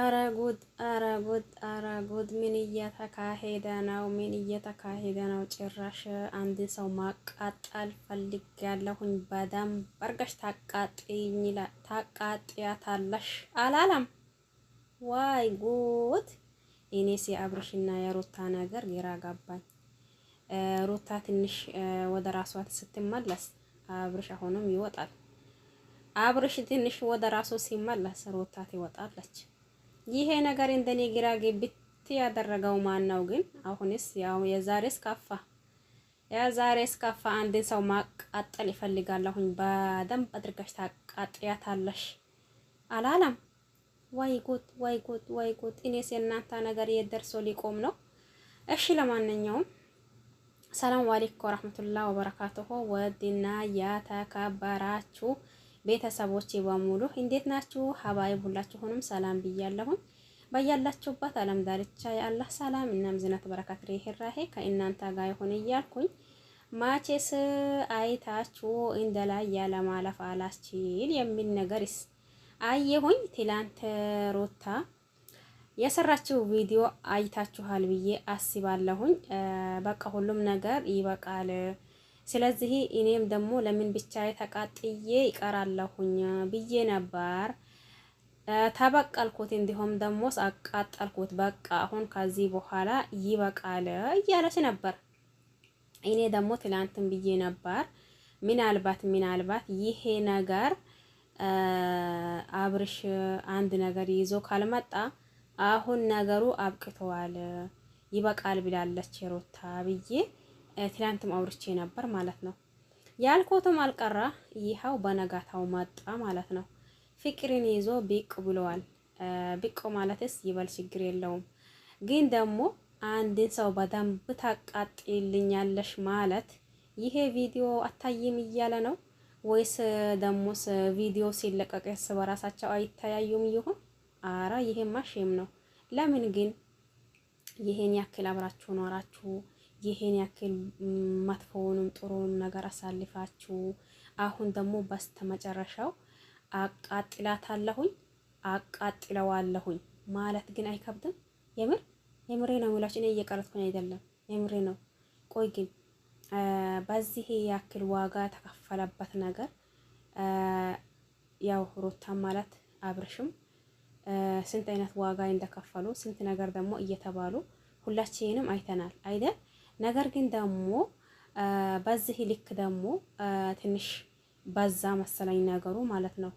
አረጉድ አረጉድ አረጉድ ምን እየተካሄደ ነው? ምን እየተካሄደ ነው? ጭራሽ አንድ ሰው ማቃጠል በርገሽ ታቃጥኝ አድርገሽ ታቃጥያታለሽ አላለም? ዋይ ጉድ! እኔስ የአብርሽና የሩታ ነገር ግራ ጋባኝ። ሩታ ትንሽ ወደ ራሷ ስትመለስ አብርሽ አሁንም ይወጣል። አብርሽ ትንሽ ወደ ራሱ ሲመለስ ሩታ ትወጣለች። ይሄ ነገር እንደኔ ግራ ግብት ያደረገው ማን ነው ግን? አሁንስ ያው የዛሬስ ካፋ የዛሬስ ካፋ አንድን ሰው ማቃጠል ይፈልጋል። አሁን በደንብ አድርጋሽ ታቃጥያታለሽ አላለም ወይ? ጉድ ወይ ጉድ ወይ ጉድ! እኔስ የእናንተ ነገር የደርሶ ሊቆም ነው? እሺ ለማንኛውም ሰላም አለይኩም ወራህመቱላሂ ወበረካቱሁ ወዲና ያተከበራችሁ ቤተሰቦቼ በሙሉ እንዴት ናችሁ? ሀባይ ሁላችሁንም ሰላም ብያለሁኝ። በያላችሁበት ዓለም ዳርቻ የአላህ ሰላም እናም ዝናት በረከት ርህራሄ ከእናንተ ጋር ይሁን እያልኩኝ ማቼስ አይታችሁ እንደላይ ያለ ማለፍ አላስችል የሚል ነገርስ አየሁኝ። ትላንት ሩታ የሰራችው ቪዲዮ አይታችኋል ብዬ አስባለሁኝ። በቃ ሁሉም ነገር ይበቃል ስለዚህ እኔም ደግሞ ለምን ብቻዬ ተቃጥዬ ይቀራለሁኝ ብዬ ነበር ተበቀልኩት፣ እንዲሁም ደግሞ አቃጠልኩት። በቃ አሁን ከዚህ በኋላ ይበቃል እያለች ነበር። እኔ ደግሞ ትላንትም ብዬ ነበር ምናልባት ምናልባት ይሄ ነገር አብርሽ አንድ ነገር ይዞ ካልመጣ አሁን ነገሩ አብቅተዋል ይበቃል ብላለች ሮታ ብዬ ትላንትም አውርቼ ነበር ማለት ነው። ያልኮትም አልቀራ ይኸው በነጋታው መጣ ማለት ነው። ፍቅርን ይዞ ብቅ ብለዋል። ብቅ ማለትስ ይበል ችግር የለውም ግን ደግሞ አንድን ሰው በደንብ ታቃጥልኛለሽ ማለት ይሄ ቪዲዮ አታይም እያለ ነው ወይስ ደግሞ ቪዲዮ ሲለቀቅ እርስ በራሳቸው አይተያዩም ይሆን? አረ ይሄማ ሼም ነው። ለምን ግን ይሄን ያክል አብራችሁ ኖራችሁ ይሄን ያክል መጥፎውንም ጥሩውን ነገር አሳልፋችሁ አሁን ደግሞ በስተመጨረሻው አቃጥላታለሁኝ አቃጥለዋለሁኝ ማለት ግን አይከብድም? የምር የምሬ ነው የምላችሁ። እኔ እየቀረጥኩኝ አይደለም፣ የምሬ ነው። ቆይ ግን በዚህ ያክል ዋጋ ተከፈለበት ነገር ያው ሩታ ማለት አብርሽም ስንት አይነት ዋጋ እንደከፈሉ ስንት ነገር ደግሞ እየተባሉ ሁላችንም አይተናል አይደል? ነገር ግን ደግሞ በዚህ ልክ ደግሞ ትንሽ በዛ መሰለኝ ነገሩ ማለት ነው።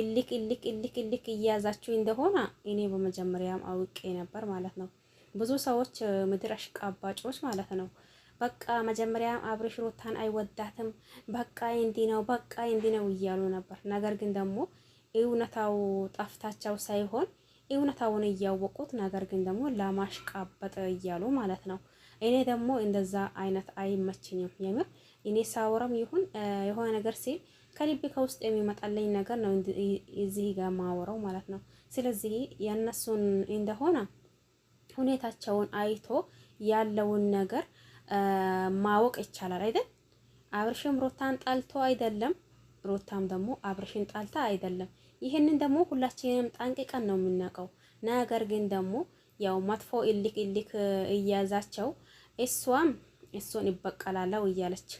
እልክ እልክ እልክ እልክ እያያዛችሁ እንደሆነ እኔ በመጀመሪያም አውቄ ነበር ማለት ነው። ብዙ ሰዎች ምድር አሽቃባጮች ማለት ነው። በቃ መጀመሪያም አብርሽ ሩታን አይወዳትም፣ በቃ እንዲ ነው፣ በቃ እንዲ ነው እያሉ ነበር። ነገር ግን ደግሞ እውነታው ጠፍታቸው ሳይሆን እውነታውን እያወቁት ነገር ግን ደግሞ ለማሽቃበጥ እያሉ ማለት ነው። እኔ ደግሞ እንደዛ አይነት አይመችኝም። የምር እኔ ሳወራም ይሁን የሆነ ነገር ሲል ከልቤ ከውስጥ የሚመጣልኝ ነገር ነው እዚህ ጋር ማወራው ማለት ነው። ስለዚህ የእነሱን እንደሆነ ሁኔታቸውን አይቶ ያለውን ነገር ማወቅ ይቻላል አይደል? አብርሽም ሮታን ጣልቶ አይደለም፣ ሮታም ደግሞ አብርሽን ጣልታ አይደለም። ይህንን ደግሞ ሁላችንም ጠንቅቀን ነው የምናውቀው። ነገር ግን ደግሞ ያው መጥፎ እልክ እልክ እያያዛቸው እሷም እሱን ይበቀላለው እያለች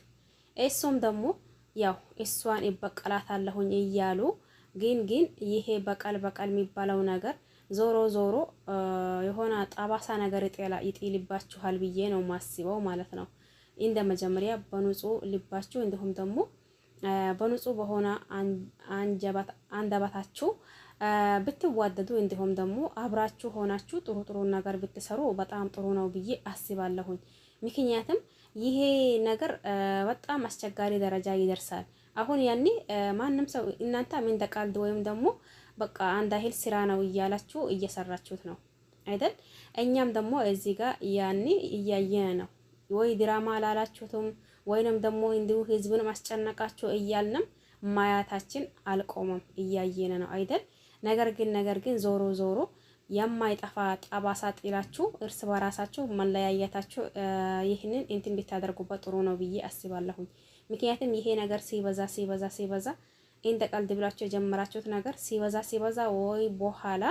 እሱም ደግሞ ያው እሷን ይበቀላታለሁኝ እያሉ ግን ግን ይሄ በቀል በቀል የሚባለው ነገር ዞሮ ዞሮ የሆነ ጠባሳ ነገር ይጥልባችኋል ብዬ ነው ማስበው ማለት ነው። እንደ መጀመሪያ በንጹህ ልባችሁ እንዲሁም ደግሞ በንጹህ በሆነ አንደበታችሁ ብትዋደዱ እንዲሁም ደግሞ አብራችሁ ሆናችሁ ጥሩ ጥሩ ነገር ብትሰሩ በጣም ጥሩ ነው ብዬ አስባለሁኝ። ምክንያትም ይሄ ነገር በጣም አስቸጋሪ ደረጃ ይደርሳል። አሁን ያኔ ማንም ሰው እናንተ ምን ተቃልድ ወይም ደግሞ በቃ አንድ አይል ስራ ነው እያላችሁ እየሰራችሁት ነው አይደል? እኛም ደግሞ እዚህ ጋር ያኔ እያየን ነው ወይ ድራማ አላላችሁትም ወይንም ደግሞ እንዲሁ ህዝብን ማስጨነቃችሁ እያልንም ማያታችን አልቆመም፣ እያየን ነው አይደል? ነገር ግን ነገር ግን ዞሮ ዞሮ የማይጠፋ ጠባሳ ጥላችሁ እርስ በራሳችሁ መለያየታችሁ ይህንን እንትን ብታደርጉበት ጥሩ ነው ብዬ አስባለሁኝ። ምክንያቱም ይሄ ነገር ሲበዛ ሲበዛ ሲበዛ እንደ ቀልድ ብላችሁ የጀመራችሁት ነገር ሲበዛ ሲበዛ ወይ በኋላ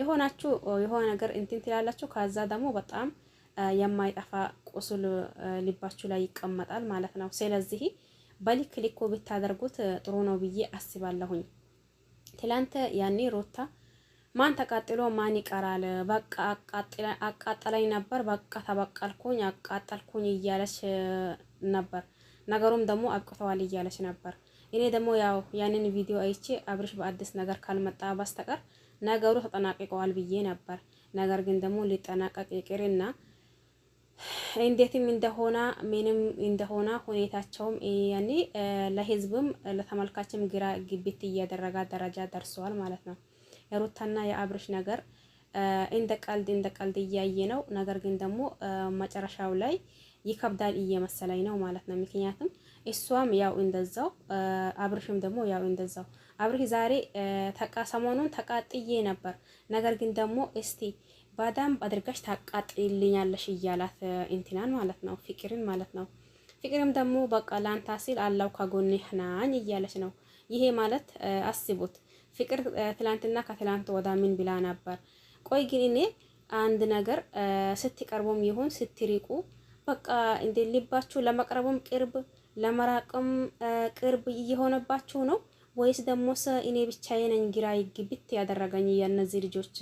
የሆናችሁ የሆነ ነገር እንትን ትላላችሁ። ከዛ ደግሞ በጣም የማይጠፋ ቁስል ልባችሁ ላይ ይቀመጣል ማለት ነው። ስለዚህ በልክ ልኮ ብታደርጉት ጥሩ ነው ብዬ አስባለሁኝ። ትላንተ ያኔ ሮታ ማን ተቃጥሎ ማን ይቀራል፣ በቃ አቃጠለኝ ነበር፣ በቃ ተበቀልኩኝ፣ አቃጠልኩኝ እያለች ነበር። ነገሩም ደግሞ አብቅተዋል እያለች ነበር። እኔ ደግሞ ያው ያንን ቪዲዮ አይቼ አብርሽ በአዲስ ነገር ካልመጣ በስተቀር ነገሩ ተጠናቅቀዋል ብዬ ነበር። ነገር ግን ደግሞ ሊጠናቀቅ ይቅርና እንዴትም እንደሆነ ምንም እንደሆነ ሁኔታቸውም ያኔ ለህዝብም ለተመልካችም ግራ ግብት እያደረጋ ደረጃ ደርሰዋል ማለት ነው። የሩታና የአብርሽ ነገር እንደ ቀልድ እንደ ቀልድ እያየ ነው። ነገር ግን ደግሞ መጨረሻው ላይ ይከብዳል እየመሰለኝ ነው ማለት ነው። ምክንያቱም እሷም ያው እንደዛው፣ አብርሽም ደግሞ ያው እንደዛው። አብርሽ ዛሬ ተቃ ሰሞኑን ተቃጥዬ ነበር። ነገር ግን ደግሞ እስቲ በደንብ አድርጋሽ ታቃጥልኛለሽ እያላት እንትናን ማለት ነው፣ ፍቅርን ማለት ነው። ፍቅርም ደግሞ በቃ ላንታ ሲል አላው ከጎንህ ናኝ እያለች ነው። ይሄ ማለት አስቡት፣ ፍቅር ትላንትና ከትላንት ወዳ ምን ብላ ነበር? ቆይ ግን እኔ አንድ ነገር ስትቀርቡም ይሁን ስትሪቁ በቃ እንደ ልባችሁ ለመቅረቡም ቅርብ ለመራቅም ቅርብ እየሆነባችሁ ነው ወይስ ደግሞ እኔ ብቻዬን ግራ ግብት ያደረገኝ የእነዚህ ልጆች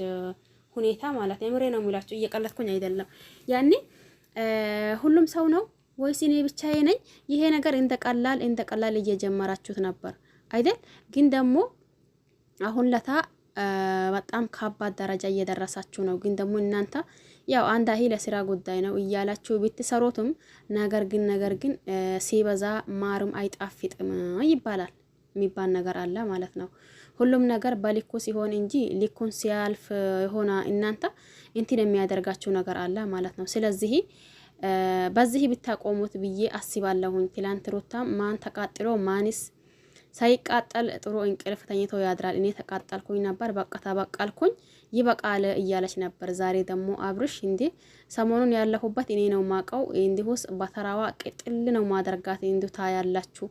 ሁኔታ ማለት የምሬ ነው የሚላችሁ እየቀለጥኩኝ አይደለም። ያኔ ሁሉም ሰው ነው ወይስ እኔ ብቻዬ ነኝ? ይሄ ነገር እንደቀላል እንደቀላል እየጀመራችሁት ነበር አይደል? ግን ደግሞ አሁን ለታ በጣም ከባድ ደረጃ እየደረሳችሁ ነው። ግን ደግሞ እናንተ ያው አንድ አሂ ለስራ ጉዳይ ነው እያላችሁ ብትሰሩትም ነገር ግን ነገር ግን ሲበዛ ማርም አይጣፍጥም ይባላል የሚባል ነገር አለ ማለት ነው። ሁሉም ነገር በልኩ ሲሆን እንጂ ልኩን ሲያልፍ የሆነ እናንተ እንትን የሚያደርጋችሁ ነገር አለ ማለት ነው። ስለዚህ በዚህ ብታቆሙት ብዬ አስባለሁኝ። ትላንት ሩታ ማን ተቃጥሎ ማንስ ሳይቃጠል ጥሩ እንቅልፍ ተኝቶ ያድራል። እኔ ተቃጠልኩኝ ነበር፣ በቃ ተበቃልኩኝ፣ ይበቃል እያለች ነበር። ዛሬ ደግሞ አብርሽ እንዲ ሰሞኑን ያለሁበት እኔ ነው ማቀው፣ እንዲሁስ በተራዋ ቅጥል ነው ማደርጋት እንዲሁ ታያላችሁ።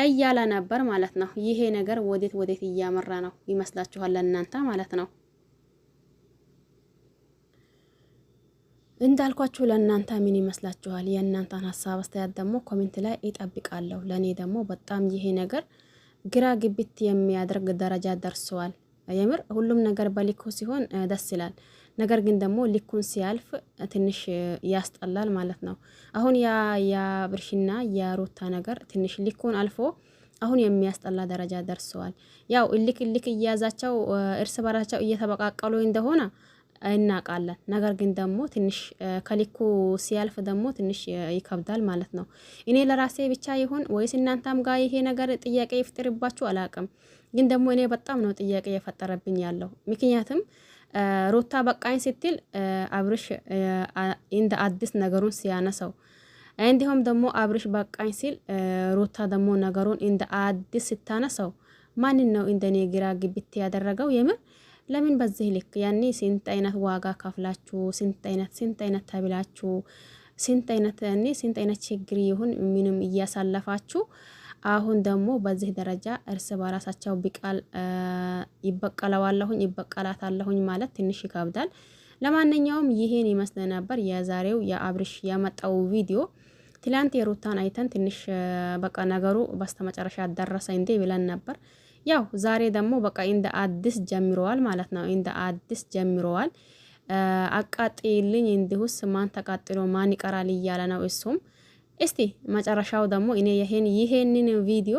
እያለ ነበር ማለት ነው። ይሄ ነገር ወዴት ወዴት እያመራ ነው ይመስላችኋል ለእናንተ ማለት ነው? እንዳልኳችሁ ለእናንተ ምን ይመስላችኋል? የእናንተን ሀሳብ አስተያየት ደግሞ ኮሜንት ላይ ይጠብቃለሁ። ለእኔ ደግሞ በጣም ይሄ ነገር ግራ ግቢት የሚያደርግ ደረጃ ደርሰዋል። የምር ሁሉም ነገር በልኩ ሲሆን ደስ ይላል። ነገር ግን ደግሞ ልኩን ሲያልፍ ትንሽ ያስጠላል ማለት ነው። አሁን የብርሽና የሩታ ነገር ትንሽ ልኩን አልፎ አሁን የሚያስጠላ ደረጃ ደርሰዋል። ያው እልክ እልክ እያያዛቸው እርስ በራቸው እየተበቃቀሉ እንደሆነ እናውቃለን። ነገር ግን ደግሞ ትንሽ ከልኩ ሲያልፍ ደግሞ ትንሽ ይከብዳል ማለት ነው። እኔ ለራሴ ብቻ ይሁን ወይስ እናንተም ጋር ይሄ ነገር ጥያቄ ይፍጥርባችሁ አላውቅም። ግን ደግሞ እኔ በጣም ነው ጥያቄ የፈጠረብኝ ያለው ምክንያቱም ሩታ በቃኝ ስትል አብርሽ እንደ አዲስ ነገሩን ሲያነሳው እንዲሁም ደግሞ አብርሽ በቃኝ ሲል ሩታ ደግሞ ነገሩን እንደ አዲስ ስታነሳው ማንን ነው እንደኔ ግራ ግብት ያደረገው? የምር ለምን በዚህ ልክ ያኔ ስንት አይነት ዋጋ ከፍላችሁ ስንት አይነት ስንት አይነት ተብላችሁ ስንት አይነት ያኔ ስንት አይነት ችግር ይሁን ምንም እያሳለፋችሁ አሁን ደግሞ በዚህ ደረጃ እርስ በራሳቸው ቢቃል ይበቀለዋለሁኝ ይበቀላታለሁኝ ማለት ትንሽ ይከብዳል። ለማንኛውም ይሄን ይመስል ነበር የዛሬው የአብርሽ የመጣው ቪዲዮ። ትላንት የሩታን አይተን ትንሽ በቃ ነገሩ በስተመጨረሻ ደረሰ እንዴ ብለን ነበር። ያው ዛሬ ደግሞ በቃ እንደ አዲስ ጀምረዋል ማለት ነው። እንደ አዲስ ጀምረዋል። አቃጥልኝ እንዲሁስ ማን ተቃጥሎ ማን ይቀራል እያለ ነው እሱም እስቲ መጨረሻው ደግሞ እኔ ይሄን ይሄንን ቪዲዮ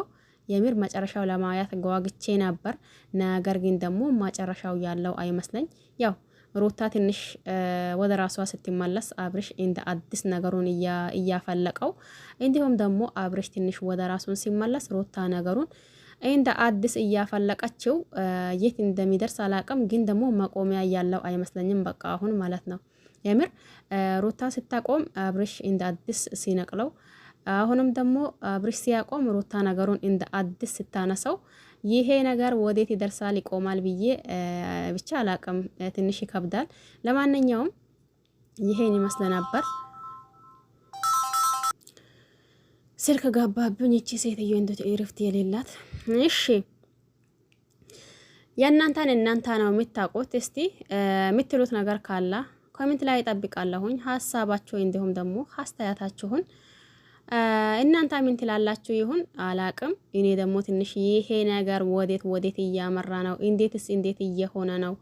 የምር መጨረሻው ለማየት ጓግቼ ነበር። ነገር ግን ደግሞ መጨረሻው ያለው አይመስለኝ። ያው ሩታ ትንሽ ወደ ራሷ ስትመለስ አብርሽ እንደ አዲስ ነገሩን እያፈለቀው፣ እንዲሁም ደግሞ አብርሽ ትንሽ ወደ ራሱን ሲመለስ ሩታ ነገሩን እንደ አዲስ እያፈለቀችው የት እንደሚደርስ አላቅም። ግን ደግሞ መቆሚያ ያለው አይመስለኝም። በቃ አሁን ማለት ነው የምር ሩታ ስታቆም አብርሽ እንደ አዲስ ሲነቅለው፣ አሁንም ደግሞ አብርሽ ሲያቆም ሩታ ነገሩን እንደ አዲስ ስታነሳው ይሄ ነገር ወዴት ይደርሳል ይቆማል ብዬ ብቻ አላቅም። ትንሽ ይከብዳል። ለማንኛውም ይሄን ይመስለ ነበር። ስልክ ጋባብኝ። እቺ ሴትዮ እንዴት እረፍት የሌላት እሺ። የእናንተን እናንተ ነው የምታውቁት። እስቲ የምትሉት ነገር ካላ ኮሜንት ላይ እጠብቃለሁኝ። ሀሳባችሁ እንዲሁም ደግሞ አስተያየታችሁን እናንተ ምን ትላላችሁ? ይሁን አላቅም። እኔ ደግሞ ትንሽ ይሄ ነገር ወዴት ወዴት እያመራ ነው፣ እንዴትስ እንዴት እየሆነ ነው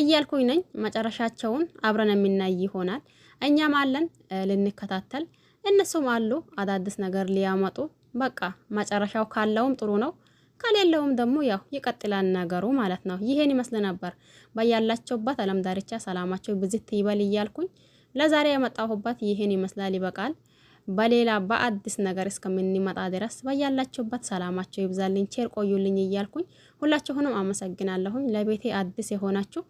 እያልኩኝ ነኝ። መጨረሻቸውን አብረን የምናይ ይሆናል። እኛም አለን ልንከታተል፣ እነሱም አሉ አዳዲስ ነገር ሊያመጡ። በቃ መጨረሻው ካለውም ጥሩ ነው ከሌለውም ደግሞ ያው ይቀጥላል ነገሩ ማለት ነው። ይሄን ይመስል ነበር። በያላቸውበት አለም ዳርቻ ሰላማቸው ብዝት ይበል እያልኩኝ ለዛሬ የመጣሁበት ይሄን ይመስላል። ይበቃል። በሌላ በአዲስ ነገር እስከምንመጣ ድረስ በያላችሁበት ሰላማቸው ይብዛልኝ፣ ቸር ቆዩልኝ እያልኩኝ ሁላችሁንም አመሰግናለሁኝ። ለቤቴ አዲስ የሆናችሁ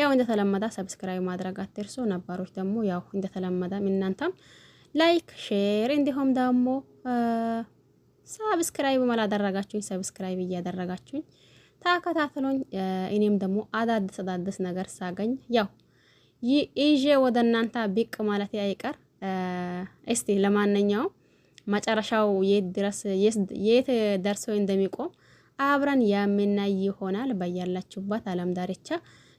ያው እንደተለመደ ሰብስክራይብ ማድረግ አትርሱ። ነባሮች ደግሞ ያው እንደተለመደ እናንተም ላይክ፣ ሼር እንዲሁም ደግሞ ሰብስክራይብ አላደረጋችሁኝ፣ ሰብስክራይብ እያደረጋችሁኝ ተከታተሉኝ። እኔም ደግሞ አዳዲስ አዳዲስ ነገር ሳገኝ ያው ይዤ ወደ እናንተ ብቅ ማለት አይቀር። እስቲ ለማንኛውም መጨረሻው የት ድረስ የት ደርሶ እንደሚቆም አብረን የምናይ ይሆናል። በያላችሁበት አለም ዳርቻ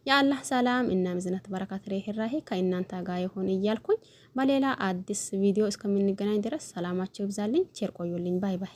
የአላህ ሰላም እና ምዝነት በረካት ርህራሄ ከእናንተ ጋር ይሁን እያልኩኝ በሌላ አዲስ ቪዲዮ እስከምንገናኝ ድረስ ሰላማቸው ይብዛልኝ። ቸር ቆዩልኝ። ባይ ባይ።